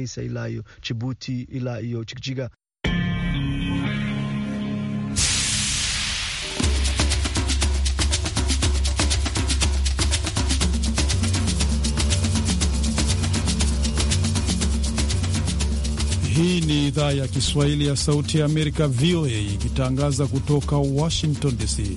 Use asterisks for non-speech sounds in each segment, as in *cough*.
iyo Ilayo, Chibuti iyo jigjiga Hii ni idhaa ya Kiswahili ya Sauti ya Amerika, VOA, ikitangaza kutoka Washington DC.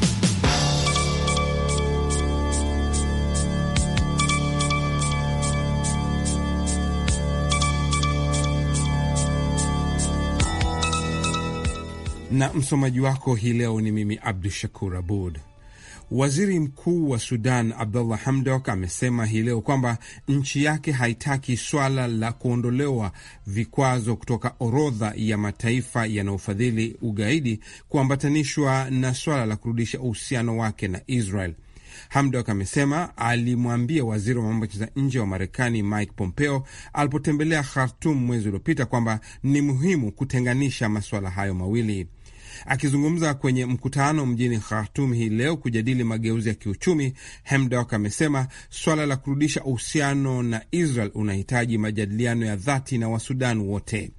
na msomaji wako hii leo ni mimi Abdu Shakur Abud. Waziri Mkuu wa Sudan Abdullah Hamdok amesema hii leo kwamba nchi yake haitaki swala la kuondolewa vikwazo kutoka orodha ya mataifa yanayofadhili ugaidi kuambatanishwa na swala la kurudisha uhusiano wake na Israel. Hamdok amesema alimwambia waziri wa mambo cheza nje wa Marekani Mike Pompeo alipotembelea Khartum mwezi uliopita kwamba ni muhimu kutenganisha masuala hayo mawili. Akizungumza kwenye mkutano mjini Khartum hii leo kujadili mageuzi ya kiuchumi, Hemdok amesema swala la kurudisha uhusiano na Israel unahitaji majadiliano ya dhati na Wasudan wote.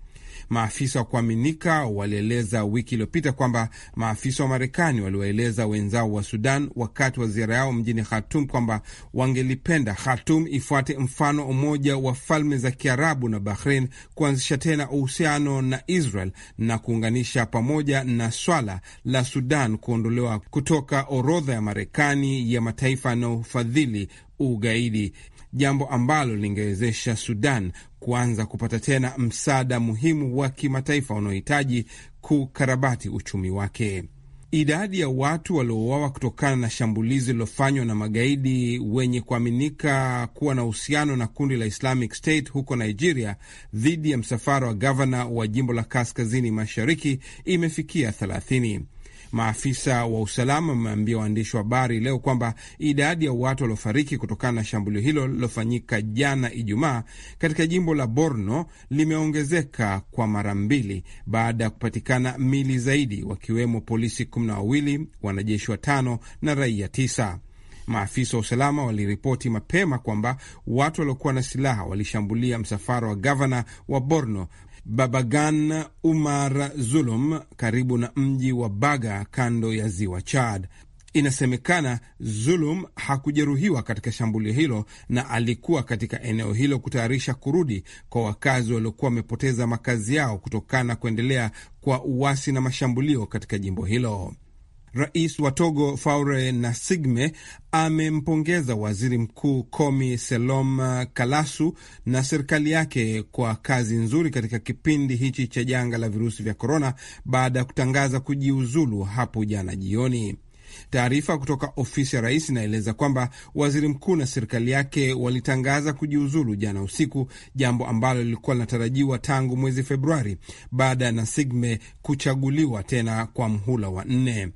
Maafisa wa kuaminika walieleza wiki iliyopita kwamba maafisa wa Marekani waliwaeleza wenzao wa Sudan wakati wa ziara yao mjini Khartum kwamba wangelipenda Khartum ifuate mfano Umoja wa Falme za Kiarabu na Bahrain kuanzisha tena uhusiano na Israel na kuunganisha pamoja na swala la Sudan kuondolewa kutoka orodha ya Marekani ya mataifa yanayofadhili ugaidi jambo ambalo lingewezesha Sudan kuanza kupata tena msaada muhimu wa kimataifa unaohitaji kukarabati uchumi wake. Idadi ya watu waliouawa kutokana na shambulizi lilofanywa na magaidi wenye kuaminika kuwa na uhusiano na kundi la Islamic State huko Nigeria dhidi ya msafara wa gavana wa jimbo la kaskazini mashariki imefikia thelathini. Maafisa wa usalama wameambia waandishi wa habari leo kwamba idadi ya watu waliofariki kutokana na shambulio hilo lilofanyika jana Ijumaa katika jimbo la Borno limeongezeka kwa mara mbili baada ya kupatikana mili zaidi, wakiwemo polisi kumi na wawili, wanajeshi watano na raia tisa. Maafisa wa usalama waliripoti mapema kwamba watu waliokuwa na silaha walishambulia msafara wa gavana wa Borno Babagan Umar Zulum karibu na mji wa Baga kando ya ziwa Chad. Inasemekana Zulum hakujeruhiwa katika shambulio hilo na alikuwa katika eneo hilo kutayarisha kurudi kwa wakazi waliokuwa wamepoteza makazi yao kutokana na kuendelea kwa uasi na mashambulio katika jimbo hilo. Rais wa Togo Faure Nasigme amempongeza waziri mkuu Komi Seloma Kalasu na serikali yake kwa kazi nzuri katika kipindi hichi cha janga la virusi vya korona baada ya kutangaza kujiuzulu hapo jana jioni. Taarifa kutoka ofisi ya rais inaeleza kwamba waziri mkuu na serikali yake walitangaza kujiuzulu jana usiku, jambo ambalo lilikuwa linatarajiwa tangu mwezi Februari baada ya Nasigme kuchaguliwa tena kwa mhula wa nne.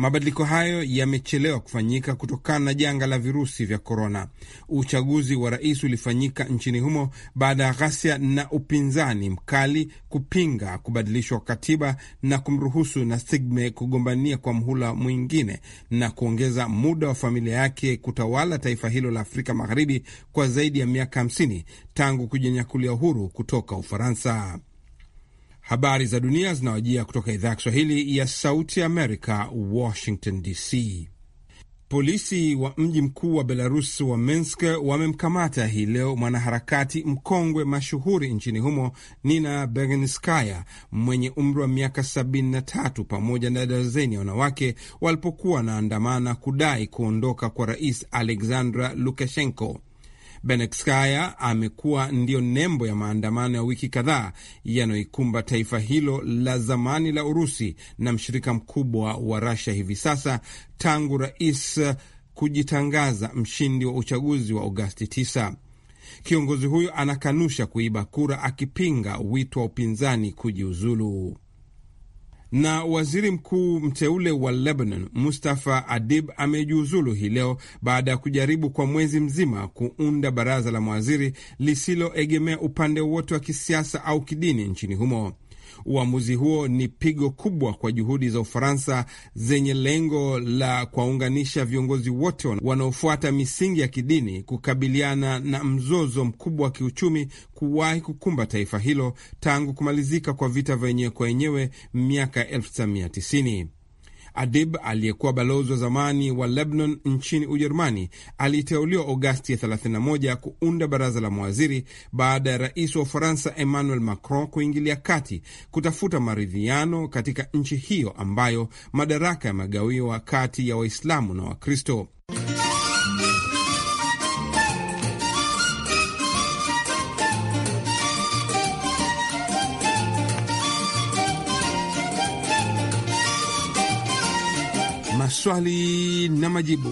Mabadiliko hayo yamechelewa kufanyika kutokana na janga la virusi vya korona. Uchaguzi wa rais ulifanyika nchini humo baada ya ghasia na upinzani mkali kupinga kubadilishwa kwa katiba na kumruhusu sigme kugombania kwa mhula mwingine na kuongeza muda wa familia yake kutawala taifa hilo la Afrika Magharibi kwa zaidi ya miaka 50 tangu kujinyakulia uhuru kutoka Ufaransa. Habari za dunia zinawajia kutoka idhaa ya Kiswahili ya Sauti ya Amerika, Washington DC. Polisi wa mji mkuu wa Belarus wa Minsk wamemkamata hii leo mwanaharakati mkongwe mashuhuri nchini humo Nina Berginskaya mwenye umri wa miaka 73 pamoja na darzeni ya wanawake walipokuwa wanaandamana kudai kuondoka kwa rais Alexandra Lukashenko. Benekskaya amekuwa ndiyo nembo ya maandamano ya wiki kadhaa yanayoikumba taifa hilo la zamani la Urusi na mshirika mkubwa wa Rasia hivi sasa tangu rais kujitangaza mshindi wa uchaguzi wa Agosti 9. Kiongozi huyo anakanusha kuiba kura akipinga wito wa upinzani kujiuzulu. Na waziri mkuu mteule wa Lebanon Mustafa Adib amejiuzulu hii leo baada ya kujaribu kwa mwezi mzima kuunda baraza la mawaziri lisiloegemea upande wowote wa kisiasa au kidini nchini humo. Uamuzi huo ni pigo kubwa kwa juhudi za Ufaransa zenye lengo la kuwaunganisha viongozi wote wanaofuata misingi ya kidini kukabiliana na mzozo mkubwa wa kiuchumi kuwahi kukumba taifa hilo tangu kumalizika kwa vita vya wenyewe kwa wenyewe miaka 1990. Adib aliyekuwa balozi wa zamani wa Lebanon nchini Ujerumani aliteuliwa Agosti 31 kuunda baraza la mawaziri baada ya rais wa Ufaransa Emmanuel Macron kuingilia kati kutafuta maridhiano katika nchi hiyo ambayo madaraka yamegawiwa kati ya Waislamu na Wakristo. Maswali na Majibu.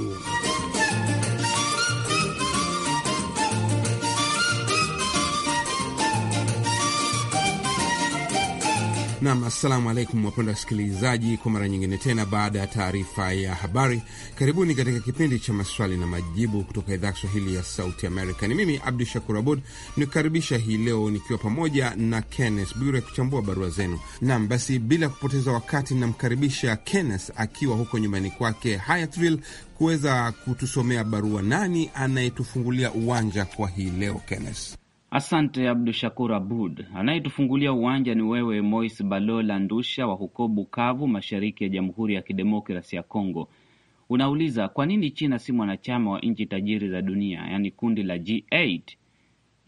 Nam, assalamu alaikum wapenda wasikilizaji, kwa mara nyingine tena, baada ya taarifa ya habari, karibuni katika kipindi cha maswali na majibu kutoka idhaa ya Kiswahili ya Sauti Amerika. Ni mimi Abdu Shakur Abud nikukaribisha hii leo nikiwa pamoja na Kennes Bure kuchambua barua zenu. Nam, basi bila kupoteza wakati, namkaribisha Kennes akiwa huko nyumbani kwake Hayatville kuweza kutusomea barua. Nani anayetufungulia uwanja kwa hii leo, Kennes? Asante Abdu Shakur Abud. Anayetufungulia uwanja ni wewe Mois Balola Ndusha wa huko Bukavu, mashariki ya Jamhuri ya Kidemokrasi ya Kongo. Unauliza, kwa nini China si mwanachama wa nchi tajiri za dunia, yaani kundi la G8?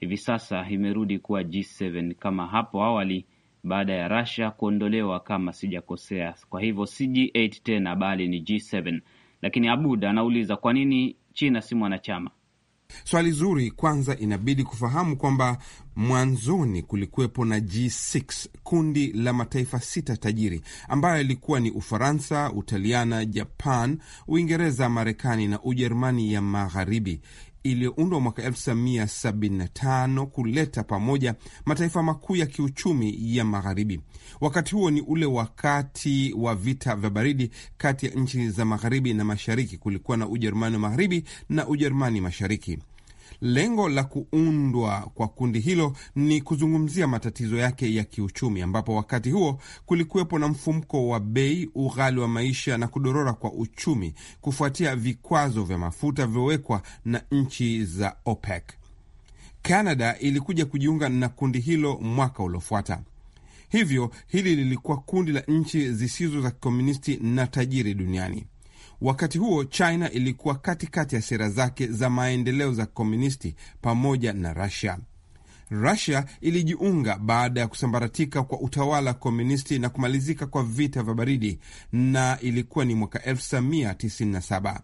Hivi sasa imerudi kuwa G7 kama hapo awali, baada ya Russia kuondolewa, kama sijakosea. Kwa hivyo si G8 tena, bali ni G7. Lakini Abud anauliza kwa nini China si mwanachama Swali zuri. Kwanza inabidi kufahamu kwamba mwanzoni kulikuwepo na G6, kundi la mataifa sita tajiri ambayo ilikuwa ni Ufaransa, Utaliana, Japan, Uingereza, Marekani na Ujerumani ya Magharibi iliyoundwa mwaka 1975 kuleta pamoja mataifa makuu ya kiuchumi ya Magharibi. Wakati huo ni ule wakati wa vita vya baridi kati ya nchi za Magharibi na Mashariki. Kulikuwa na Ujerumani wa Magharibi na Ujerumani Mashariki. Lengo la kuundwa kwa kundi hilo ni kuzungumzia matatizo yake ya kiuchumi, ambapo wakati huo kulikuwepo na mfumko wa bei, ughali wa maisha na kudorora kwa uchumi kufuatia vikwazo vya mafuta vilivyowekwa na nchi za OPEC. Canada ilikuja kujiunga na kundi hilo mwaka uliofuata. Hivyo hili lilikuwa kundi la nchi zisizo za kikomunisti na tajiri duniani. Wakati huo China ilikuwa katikati ya sera zake za maendeleo za komunisti pamoja na Rusia. Rusia ilijiunga baada ya kusambaratika kwa utawala komunisti na kumalizika kwa vita vya baridi, na ilikuwa ni mwaka 1997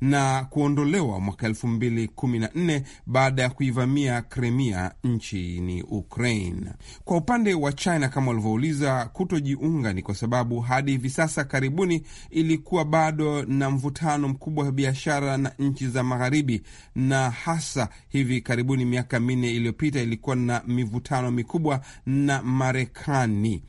na kuondolewa mwaka elfu kumi nne baada ya kuivamia kremia nchini Ukraine. Kwa upande wa China, kama walivyouliza, kutojiunga ni kwa sababu hadi hivi sasa karibuni ilikuwa bado na mvutano mkubwa wa biashara na nchi za Magharibi, na hasa hivi karibuni, miaka minne iliyopita, ilikuwa na mivutano mikubwa na Marekani.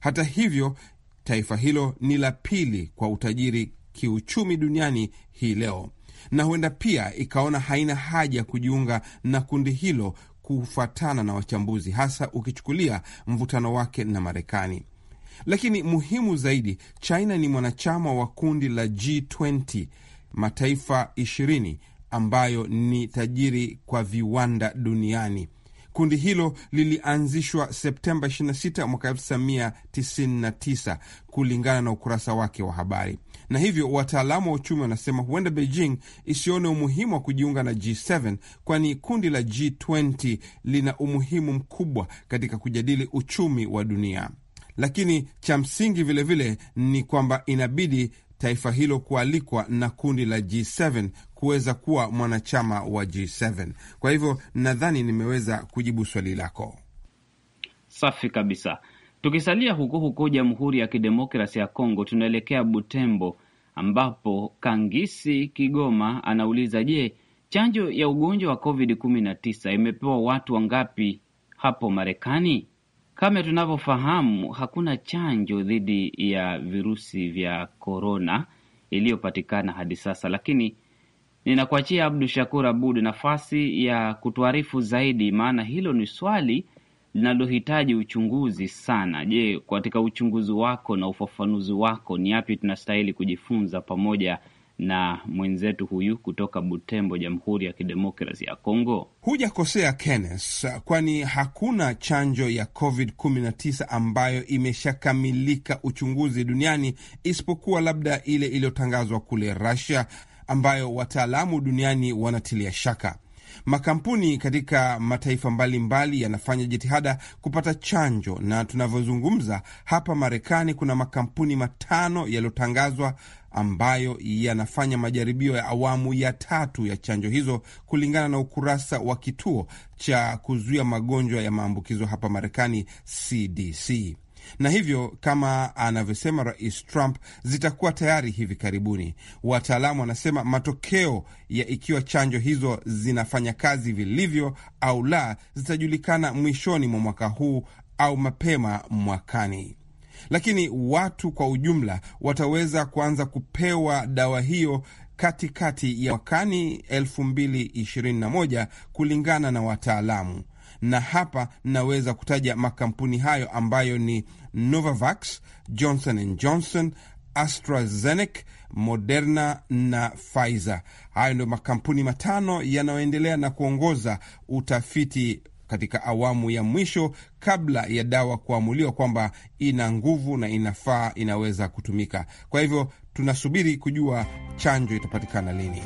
Hata hivyo, taifa hilo ni la pili kwa utajiri kiuchumi duniani hii leo, na huenda pia ikaona haina haja ya kujiunga na kundi hilo kufuatana na wachambuzi, hasa ukichukulia mvutano wake na Marekani. Lakini muhimu zaidi, China ni mwanachama wa kundi la G20, mataifa 20 ambayo ni tajiri kwa viwanda duniani. Kundi hilo lilianzishwa Septemba 26 mwaka 1999 kulingana na ukurasa wake wa habari na hivyo wataalamu wa uchumi wanasema huenda Beijing isione umuhimu wa kujiunga na G7 kwani kundi la G20 lina umuhimu mkubwa katika kujadili uchumi wa dunia. Lakini cha msingi vilevile ni kwamba inabidi taifa hilo kualikwa na kundi la G7 kuweza kuwa mwanachama wa G7. Kwa hivyo nadhani nimeweza kujibu swali lako. Safi kabisa. Tukisalia huko huko Jamhuri ya Kidemokrasi ya Kongo, tunaelekea Butembo ambapo Kangisi Kigoma anauliza je, chanjo ya ugonjwa wa Covid 19 imepewa watu wangapi hapo Marekani? Kama tunavyofahamu hakuna chanjo dhidi ya virusi vya korona iliyopatikana hadi sasa, lakini ninakuachia Abdu Shakur Abud nafasi ya kutuarifu zaidi, maana hilo ni swali linalohitaji uchunguzi sana. Je, katika uchunguzi wako na ufafanuzi wako ni yapi tunastahili kujifunza pamoja na mwenzetu huyu kutoka Butembo, Jamhuri ya Kidemokrasi ya Kongo. Hujakosea Kenneth, kwani hakuna chanjo ya COVID-19 ambayo imeshakamilika uchunguzi duniani isipokuwa labda ile iliyotangazwa kule Russia ambayo wataalamu duniani wanatilia shaka. Makampuni katika mataifa mbalimbali yanafanya jitihada kupata chanjo, na tunavyozungumza hapa Marekani kuna makampuni matano yaliyotangazwa ambayo yanafanya majaribio ya awamu ya tatu ya chanjo hizo, kulingana na ukurasa wa kituo cha kuzuia magonjwa ya maambukizo hapa Marekani, CDC na hivyo kama anavyosema Rais Trump zitakuwa tayari hivi karibuni. Wataalamu wanasema matokeo ya ikiwa chanjo hizo zinafanya kazi vilivyo au la zitajulikana mwishoni mwa mwaka huu au mapema mwakani lakini watu kwa ujumla wataweza kuanza kupewa dawa hiyo katikati ya mwakani 2021 kulingana na wataalamu. Na hapa naweza kutaja makampuni hayo ambayo ni Novavax, Johnson and Johnson, AstraZeneca, Moderna na Pfizer. Hayo ndio makampuni matano yanayoendelea na kuongoza utafiti katika awamu ya mwisho kabla ya dawa kuamuliwa kwamba ina nguvu na inafaa, inaweza kutumika. Kwa hivyo tunasubiri kujua chanjo itapatikana lini.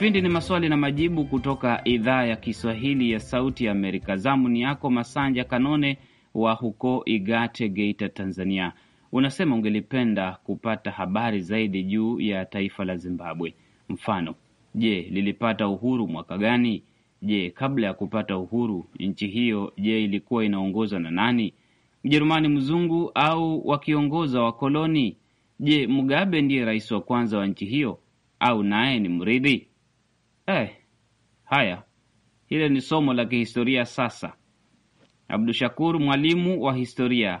Kipindi ni maswali na majibu kutoka idhaa ya Kiswahili ya Sauti ya Amerika. Zamu ni yako Masanja Kanone wa huko Igate, Geita, Tanzania. Unasema ungelipenda kupata habari zaidi juu ya taifa la Zimbabwe. Mfano, je, lilipata uhuru mwaka gani? Je, kabla ya kupata uhuru nchi hiyo, je, ilikuwa inaongozwa na nani? Mjerumani mzungu au wakiongoza wakoloni? Je, Mugabe ndiye rais wa kwanza wa nchi hiyo au naye ni mridhi? Eh, haya, hilo ni somo la kihistoria sasa. Abdushakur, mwalimu wa historia,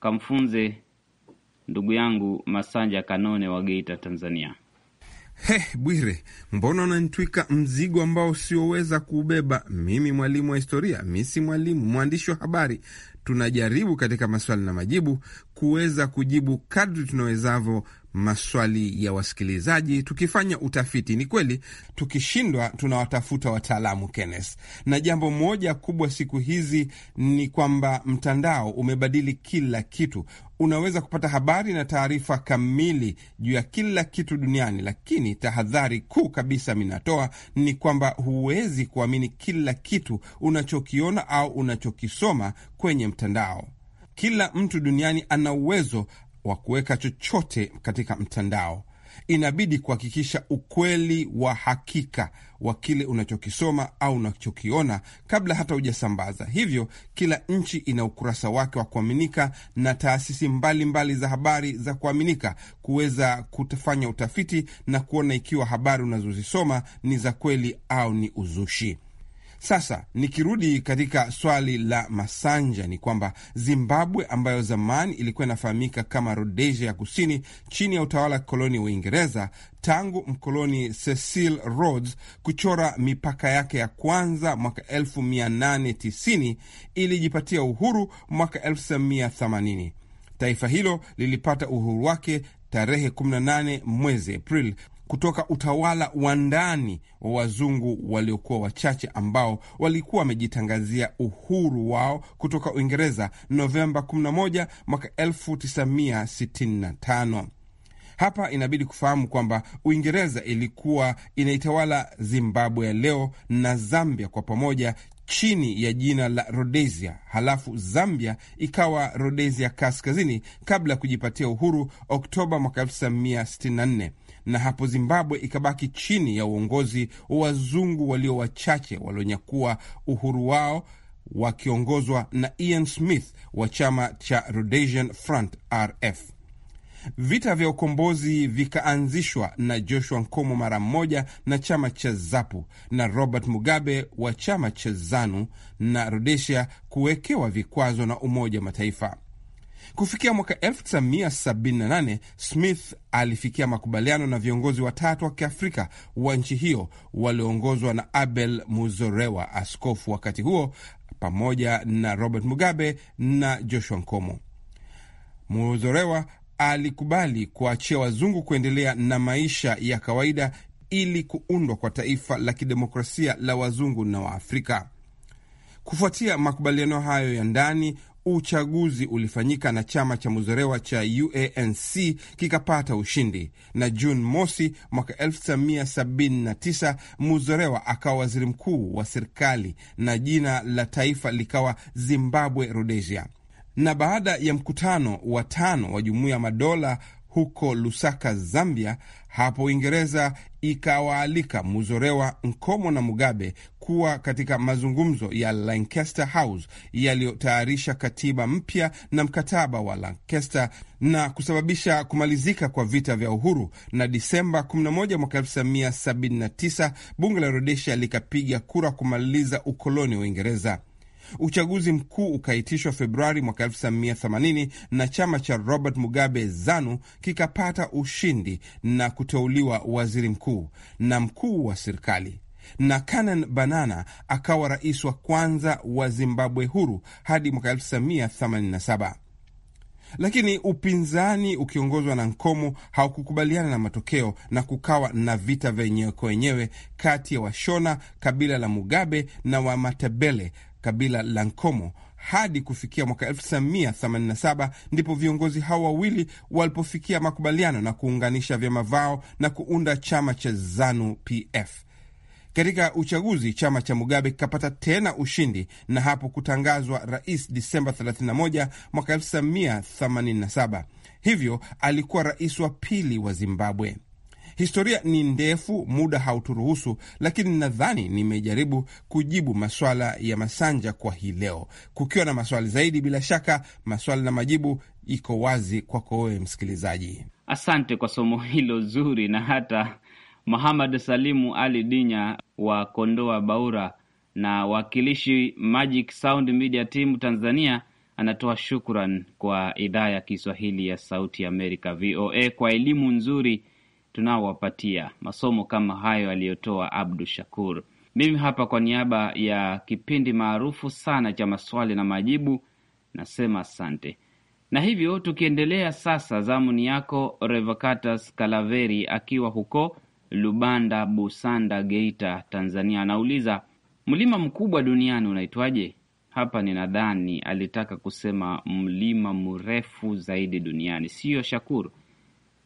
kamfunze ndugu yangu Masanja Kanone wa Geita, Tanzania. He, Bwire, mbona unanitwika mzigo ambao usioweza kuubeba? Mimi mwalimu wa historia? Mi si mwalimu, mwandishi wa habari. Tunajaribu katika maswali na majibu kuweza kujibu kadri tunawezavyo maswali ya wasikilizaji, tukifanya utafiti. Ni kweli tukishindwa, tunawatafuta wataalamu Kenneth. Na jambo moja kubwa siku hizi ni kwamba mtandao umebadili kila kitu. Unaweza kupata habari na taarifa kamili juu ya kila kitu duniani, lakini tahadhari kuu kabisa minatoa ni kwamba huwezi kuamini kila kitu unachokiona au unachokisoma kwenye mtandao. Kila mtu duniani ana uwezo wa kuweka chochote katika mtandao. Inabidi kuhakikisha ukweli wa hakika wa kile unachokisoma au unachokiona kabla hata hujasambaza. Hivyo kila nchi ina ukurasa wake wa kuaminika na taasisi mbalimbali mbali za habari za kuaminika kuweza kufanya utafiti na kuona ikiwa habari unazozisoma ni za kweli au ni uzushi. Sasa nikirudi katika swali la Masanja, ni kwamba Zimbabwe ambayo zamani ilikuwa inafahamika kama Rhodesia ya Kusini chini ya utawala wa kikoloni wa Uingereza tangu mkoloni Cecil Rhodes kuchora mipaka yake ya kwanza mwaka 1890 ilijipatia uhuru mwaka 1980. Taifa hilo lilipata uhuru wake tarehe 18 mwezi Aprili kutoka utawala wa ndani wa wazungu waliokuwa wachache ambao walikuwa wamejitangazia uhuru wao kutoka Uingereza Novemba 11 mwaka 1965. Hapa inabidi kufahamu kwamba Uingereza ilikuwa inaitawala Zimbabwe ya leo na Zambia kwa pamoja chini ya jina la Rhodesia, halafu Zambia ikawa Rhodesia Kaskazini kabla ya kujipatia uhuru Oktoba 1964 na hapo Zimbabwe ikabaki chini ya uongozi wa wazungu walio wachache walionyakua uhuru wao wakiongozwa na Ian Smith wa chama cha Rhodesian Front RF. Vita vya ukombozi vikaanzishwa na Joshua Nkomo mara mmoja na chama cha ZAPU na Robert Mugabe wa chama cha ZANU na Rhodesia kuwekewa vikwazo na Umoja Mataifa. Kufikia mwaka 1978 Smith alifikia makubaliano na viongozi watatu wa Kiafrika wa nchi hiyo walioongozwa na Abel Muzorewa, askofu wakati huo, pamoja na Robert Mugabe na Joshua Nkomo. Muzorewa alikubali kuachia wazungu kuendelea na maisha ya kawaida ili kuundwa kwa taifa la kidemokrasia la wazungu na Waafrika. Kufuatia makubaliano hayo ya ndani, uchaguzi ulifanyika na chama cha muzorewa cha UANC kikapata ushindi, na Juni mosi mwaka 1979 Muzorewa akawa waziri mkuu wa serikali na jina la taifa likawa Zimbabwe Rhodesia. Na baada ya mkutano wa tano wa Jumuiya ya Madola huko Lusaka, Zambia, hapo Uingereza ikawaalika Muzorewa, Nkomo na Mugabe kuwa katika mazungumzo ya Lancaster House yaliyotayarisha katiba mpya na mkataba wa Lancaster na kusababisha kumalizika kwa vita vya uhuru. Na Disemba 11 mwaka 1979 bunge la Rhodesia likapiga kura kumaliza ukoloni wa Uingereza. Uchaguzi mkuu ukaitishwa Februari mwaka 1980 na chama cha Robert Mugabe ZANU kikapata ushindi na kuteuliwa waziri mkuu na mkuu wa serikali na canan Banana akawa rais wa kwanza wa Zimbabwe huru hadi mwaka 1987. Lakini upinzani ukiongozwa na Nkomo haukukubaliana na matokeo na kukawa na vita vyenyewe kwa wenyewe kati ya Washona, kabila la Mugabe, na Wamatebele kabila la Nkomo hadi kufikia mwaka 1987 ndipo viongozi hao wawili walipofikia makubaliano na kuunganisha vyama vao na kuunda chama cha ZANU PF. Katika uchaguzi chama cha Mugabe kikapata tena ushindi na hapo kutangazwa rais Disemba 31 mwaka 1987. Hivyo alikuwa rais wa pili wa Zimbabwe. Historia ni ndefu, muda hauturuhusu, lakini nadhani nimejaribu kujibu maswala ya Masanja kwa hii leo. Kukiwa na maswali zaidi, bila shaka maswali na majibu iko wazi kwako wewe msikilizaji. Asante kwa somo hilo zuri, na hata Muhamad Salimu Ali Dinya wa Kondoa Baura na wakilishi Magic Sound Media Team Tanzania anatoa shukran kwa idhaa ya Kiswahili ya Sauti Amerika VOA kwa elimu nzuri tunaowapatia masomo kama hayo aliyotoa Abdu Shakur. Mimi hapa kwa niaba ya kipindi maarufu sana cha maswali na majibu nasema asante. Na hivyo tukiendelea sasa, zamu ni yako Revocatus Kalaveri akiwa huko Lubanda Busanda, Geita, Tanzania. Anauliza, mlima mkubwa duniani unaitwaje? Hapa ninadhani alitaka kusema mlima mrefu zaidi duniani, siyo Shakuru?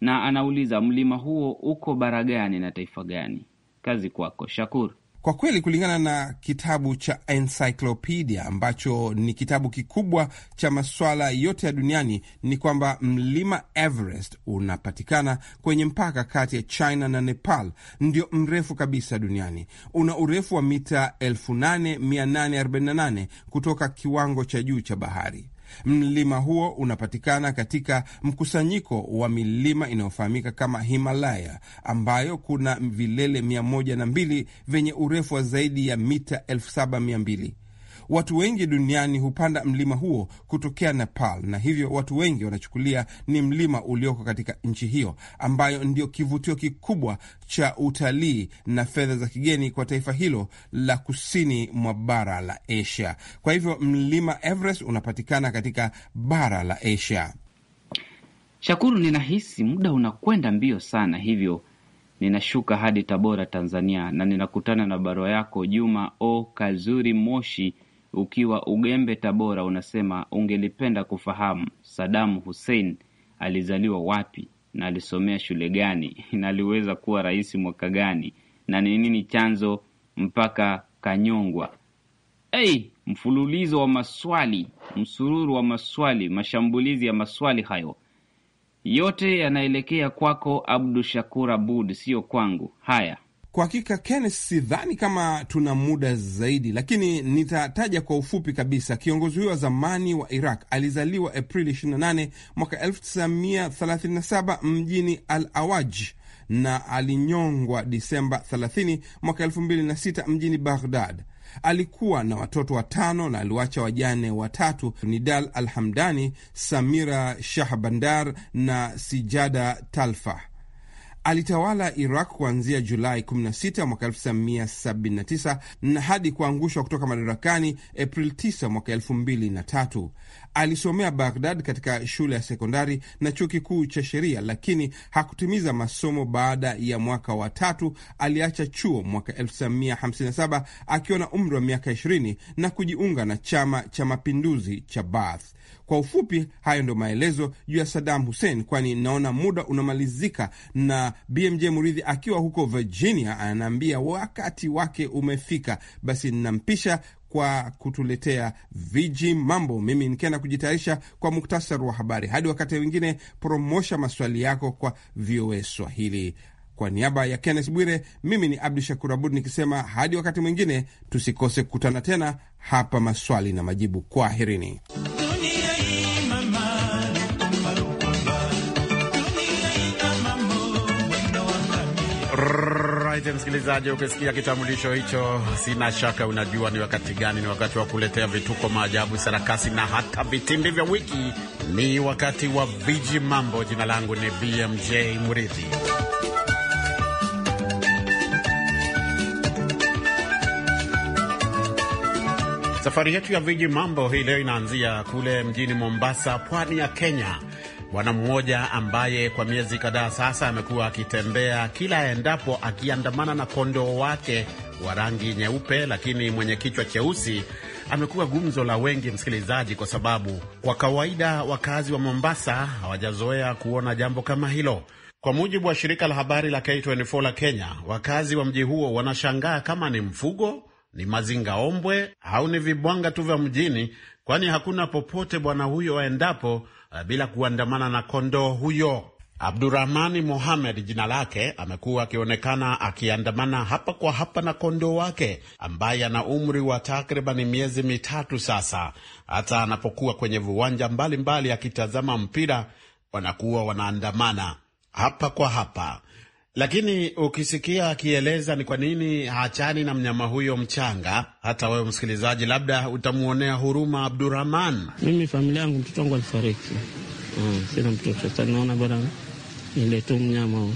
na anauliza mlima huo uko bara gani na taifa gani? Kazi kwako Shakur. Kwa kweli kulingana na kitabu cha Encyclopedia ambacho ni kitabu kikubwa cha masuala yote ya duniani, ni kwamba mlima Everest unapatikana kwenye mpaka kati ya China na Nepal, ndio mrefu kabisa duniani. Una urefu wa mita 8848 kutoka kiwango cha juu cha bahari. Mlima huo unapatikana katika mkusanyiko wa milima inayofahamika kama Himalaya, ambayo kuna vilele mia moja na mbili vyenye urefu wa zaidi ya mita elfu saba mia mbili. Watu wengi duniani hupanda mlima huo kutokea Nepal, na hivyo watu wengi wanachukulia ni mlima ulioko katika nchi hiyo ambayo ndio kivutio kikubwa cha utalii na fedha za kigeni kwa taifa hilo la kusini mwa bara la Asia. Kwa hivyo mlima Everest unapatikana katika bara la Asia. Shakuru, ninahisi muda unakwenda mbio sana, hivyo ninashuka hadi Tabora, Tanzania, na ninakutana na barua yako Juma O Kazuri Moshi ukiwa Ugembe Tabora unasema ungelipenda kufahamu sadamu Hussein alizaliwa wapi na alisomea shule gani *laughs* na aliweza kuwa rais mwaka gani na ni nini chanzo mpaka kanyongwa. Hey, mfululizo wa maswali, msururu wa maswali, mashambulizi ya maswali hayo yote yanaelekea kwako Abdu Shakur Abud, siyo kwangu. Haya, kwa hakika Kenneth, sidhani kama tuna muda zaidi, lakini nitataja kwa ufupi kabisa. Kiongozi huyo wa zamani wa Iraq alizaliwa Aprili 28 mwaka 1937 mjini Al Awaj na alinyongwa Disemba 30 mwaka 2006 mjini Baghdad. Alikuwa na watoto watano na aliwacha wajane watatu: Nidal Alhamdani, Samira Shahbandar na Sijada Talfa. Alitawala Iraq kuanzia Julai 16 mwaka 1979 na hadi kuangushwa kutoka madarakani April 9 mwaka 2003. Alisomea Baghdad katika shule ya sekondari na chuo kikuu cha sheria, lakini hakutimiza masomo. Baada ya mwaka wa tatu aliacha chuo mwaka 1957 akiwa na umri wa miaka 20 na kujiunga na chama cha mapinduzi cha Baath. Kwa ufupi, hayo ndo maelezo juu ya Saddam Hussein, kwani naona muda unamalizika, na BMJ Muridhi akiwa huko Virginia anaambia wakati wake umefika. Basi nampisha kwa kutuletea viji mambo, mimi nikienda kujitayarisha kwa muktasari wa habari. Hadi wakati wengine, promosha maswali yako kwa VOA Swahili. Kwa niaba ya Kenneth Bwire, mimi ni Abdu Shakur Abud nikisema hadi wakati mwingine, tusikose kukutana tena hapa Maswali na Majibu. Kwaherini. mkamiti msikilizaji, ukisikia kitambulisho hicho, sina shaka unajua ni wakati gani. Ni wakati wa kuletea vituko, maajabu, sarakasi na hata vitimbi vya wiki. Ni wakati wa viji mambo. Jina langu ni BMJ mridhi Safari yetu ya viji mambo hii leo inaanzia kule mjini Mombasa, pwani ya Kenya bwana mmoja ambaye kwa miezi kadhaa sasa amekuwa akitembea kila aendapo akiandamana na kondoo wake wa rangi nyeupe lakini mwenye kichwa cheusi amekuwa gumzo la wengi msikilizaji, kwa sababu kwa kawaida wakazi wa Mombasa hawajazoea kuona jambo kama hilo. Kwa mujibu wa shirika la habari la K24 la Kenya, wakazi wa mji huo wanashangaa kama ni mfugo, ni mazinga ombwe au ni vibwanga tu vya mjini, kwani hakuna popote bwana huyo aendapo Eh, bila kuandamana na kondoo huyo. Abdurahmani Mohamed jina lake, amekuwa akionekana akiandamana hapa kwa hapa na kondoo wake ambaye ana umri wa takribani miezi mitatu sasa. Hata anapokuwa kwenye viwanja mbalimbali akitazama mpira, wanakuwa wanaandamana hapa kwa hapa. Lakini ukisikia akieleza ni kwa nini hachani na mnyama huyo mchanga, hata wewe msikilizaji, labda utamwonea huruma Abdurahman. Mimi familia yangu, mtoto wangu alifariki. Ah, sina mtoto sasa, naona bora niletee mnyama huyo.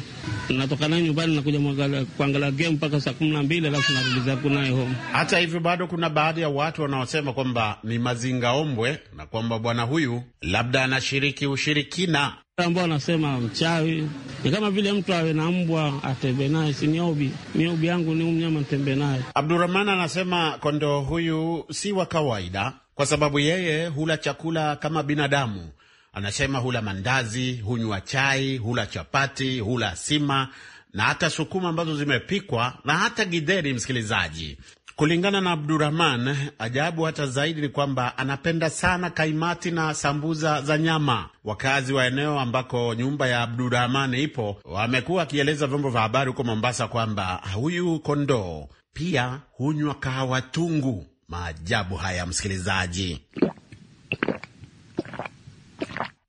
Natoka naye nyumbani nakuja kuangalia game mpaka saa kumi na mbili alafu narudi zangu naye home. Hata hivyo bado kuna baadhi ya watu wanaosema kwamba ni mazinga ombwe na kwamba bwana huyu labda anashiriki ushirikina ambao anasema mchawi ni kama vile mtu awe na mbwa atembe naye, si niobi miobi yangu ni mnyama tembe naye. Abdurahman anasema kondoo huyu si wa kawaida, kwa sababu yeye hula chakula kama binadamu. Anasema hula mandazi, hunywa chai, hula chapati, hula sima na hata sukuma ambazo zimepikwa na hata gidheri. Msikilizaji, Kulingana na Abdurahman, ajabu hata zaidi ni kwamba anapenda sana kaimati na sambuza za nyama. Wakazi wa eneo ambako nyumba ya Abdurahman ipo wamekuwa wakieleza vyombo vya habari huko Mombasa kwamba huyu kondoo pia hunywa kahawa tungu. Maajabu haya, msikilizaji.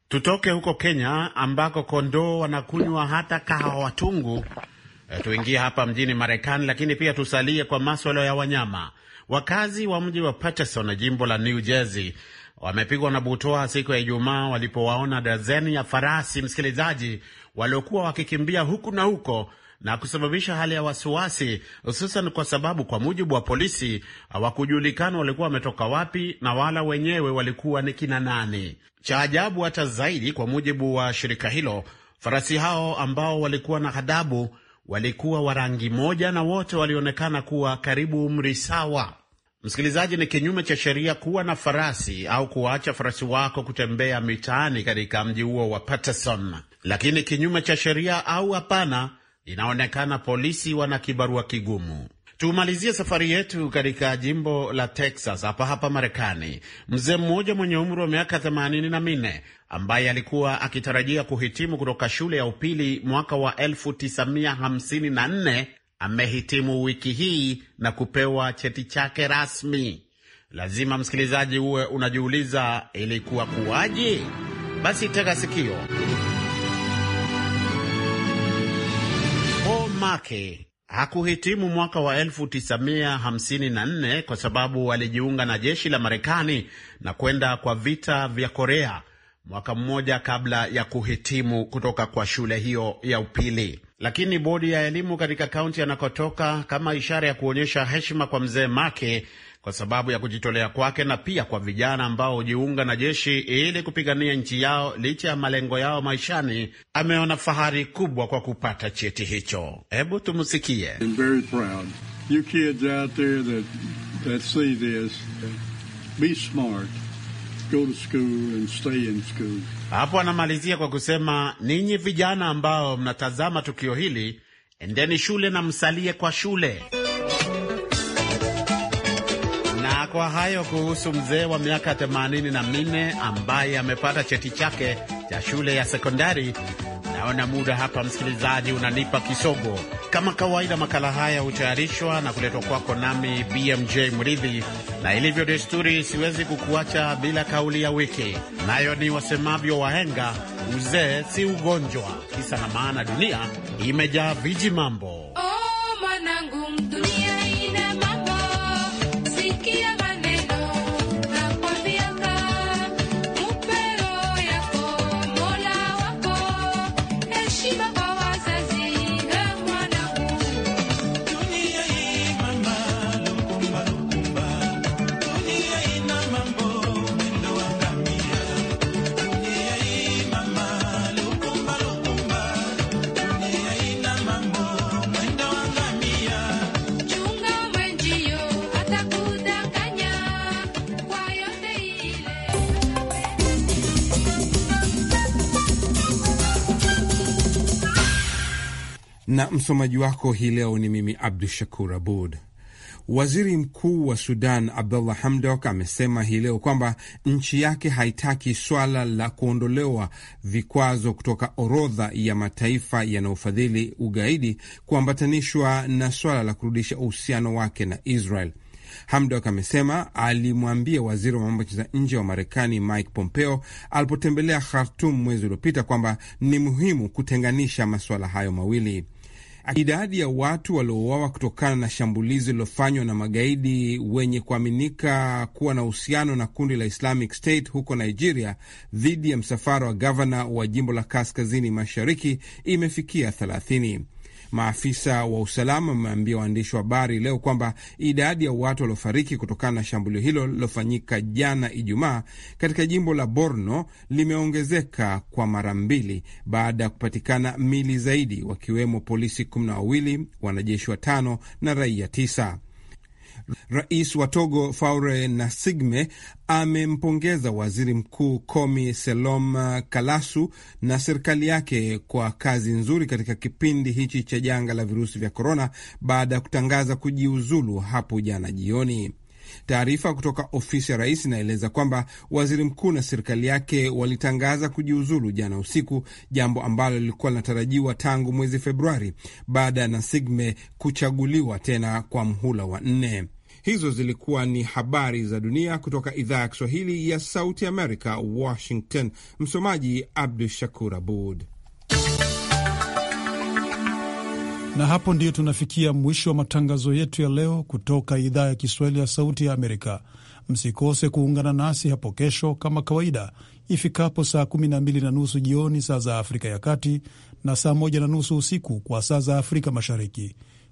Tutoke huko Kenya ambako kondoo wanakunywa hata kahawa tungu Eh, tuingie hapa mjini Marekani, lakini pia tusalie kwa maswala ya wanyama. Wakazi wa mji wa Paterson, jimbo la New Jersey, wamepigwa na butoa siku ya Ijumaa walipowaona dazeni ya farasi, msikilizaji, waliokuwa wakikimbia huku na huko na kusababisha hali ya wasiwasi, hususan kwa sababu, kwa mujibu wa polisi, hawakujulikana walikuwa wametoka wapi na wala wenyewe walikuwa ni kina nani. Cha ajabu hata zaidi, kwa mujibu wa shirika hilo, farasi hao ambao walikuwa na hadabu walikuwa wa rangi moja na wote walionekana kuwa karibu umri sawa. Msikilizaji, ni kinyume cha sheria kuwa na farasi au kuwaacha farasi wako kutembea mitaani katika mji huo wa Patterson, lakini kinyume cha sheria au hapana, inaonekana polisi wana kibarua kigumu. Tumalizie safari yetu katika jimbo la Texas hapa hapa Marekani. Mzee mmoja mwenye umri wa miaka themanini na minne ambaye alikuwa akitarajia kuhitimu kutoka shule ya upili mwaka wa 1954 amehitimu wiki hii na kupewa cheti chake rasmi. Lazima msikilizaji, uwe unajiuliza ilikuwa kuwaje? Basi tega sikio. Paul Make hakuhitimu mwaka wa 1954 kwa sababu alijiunga na jeshi la Marekani na kwenda kwa vita vya Korea mwaka mmoja kabla ya kuhitimu kutoka kwa shule hiyo ya upili. Lakini bodi ya elimu katika kaunti anakotoka, kama ishara ya kuonyesha heshima kwa mzee Make kwa sababu ya kujitolea kwake na pia kwa vijana ambao hujiunga na jeshi ili kupigania nchi yao licha ya malengo yao maishani, ameona fahari kubwa kwa kupata cheti hicho. Hebu tumsikie. Be smart go to school and stay in school. Hapo anamalizia kwa kusema, ninyi vijana ambao mnatazama tukio hili, endeni shule na msalie kwa shule. Na kwa hayo kuhusu mzee wa miaka 84 ambaye amepata cheti chake cha shule ya sekondari Naona muda hapa, msikilizaji, unanipa kisogo. Kama kawaida, makala haya hutayarishwa na kuletwa kwako nami BMJ Mridhi, na ilivyo desturi, siwezi kukuacha bila kauli ya wiki, nayo ni wasemavyo wahenga, uzee si ugonjwa. Kisa na maana, dunia imejaa viji mambo. na msomaji wako hii leo ni mimi Abdu Shakur Abud. Waziri Mkuu wa Sudan Abdullah Hamdok amesema hii leo kwamba nchi yake haitaki swala la kuondolewa vikwazo kutoka orodha ya mataifa yanayofadhili ugaidi kuambatanishwa na swala la kurudisha uhusiano wake na Israel. Hamdok amesema alimwambia waziri wa mambo za nje wa Marekani Mike Pompeo alipotembelea Khartum mwezi uliopita kwamba ni muhimu kutenganisha masuala hayo mawili idadi ya watu waliouawa kutokana na shambulizi lililofanywa na magaidi wenye kuaminika kuwa na uhusiano na kundi la Islamic State huko Nigeria dhidi ya msafara wa gavana wa jimbo la kaskazini mashariki imefikia thelathini. Maafisa wa usalama wameambia waandishi wa habari leo kwamba idadi ya watu waliofariki kutokana na shambulio hilo lilofanyika jana Ijumaa katika jimbo la Borno limeongezeka kwa mara mbili baada ya kupatikana mili zaidi, wakiwemo polisi kumi na wawili, wanajeshi watano na raia tisa. Rais wa Togo Faure Nasigme amempongeza waziri mkuu Komi Selom Kalasu na serikali yake kwa kazi nzuri katika kipindi hichi cha janga la virusi vya korona baada ya kutangaza kujiuzulu hapo jana jioni. Taarifa kutoka ofisi ya rais inaeleza kwamba waziri mkuu na serikali yake walitangaza kujiuzulu jana usiku, jambo ambalo lilikuwa linatarajiwa tangu mwezi Februari baada ya Nasigme kuchaguliwa tena kwa mhula wa nne. Hizo zilikuwa ni habari za dunia kutoka idhaa ya Kiswahili ya Sauti Amerika, Washington. Msomaji Abdu Shakur Abud. Na hapo ndiyo tunafikia mwisho wa matangazo yetu ya leo kutoka idhaa ya Kiswahili ya Sauti ya Amerika. Msikose kuungana nasi hapo kesho kama kawaida ifikapo saa 12 na nusu jioni saa za Afrika ya Kati na saa 1 na nusu usiku kwa saa za Afrika Mashariki.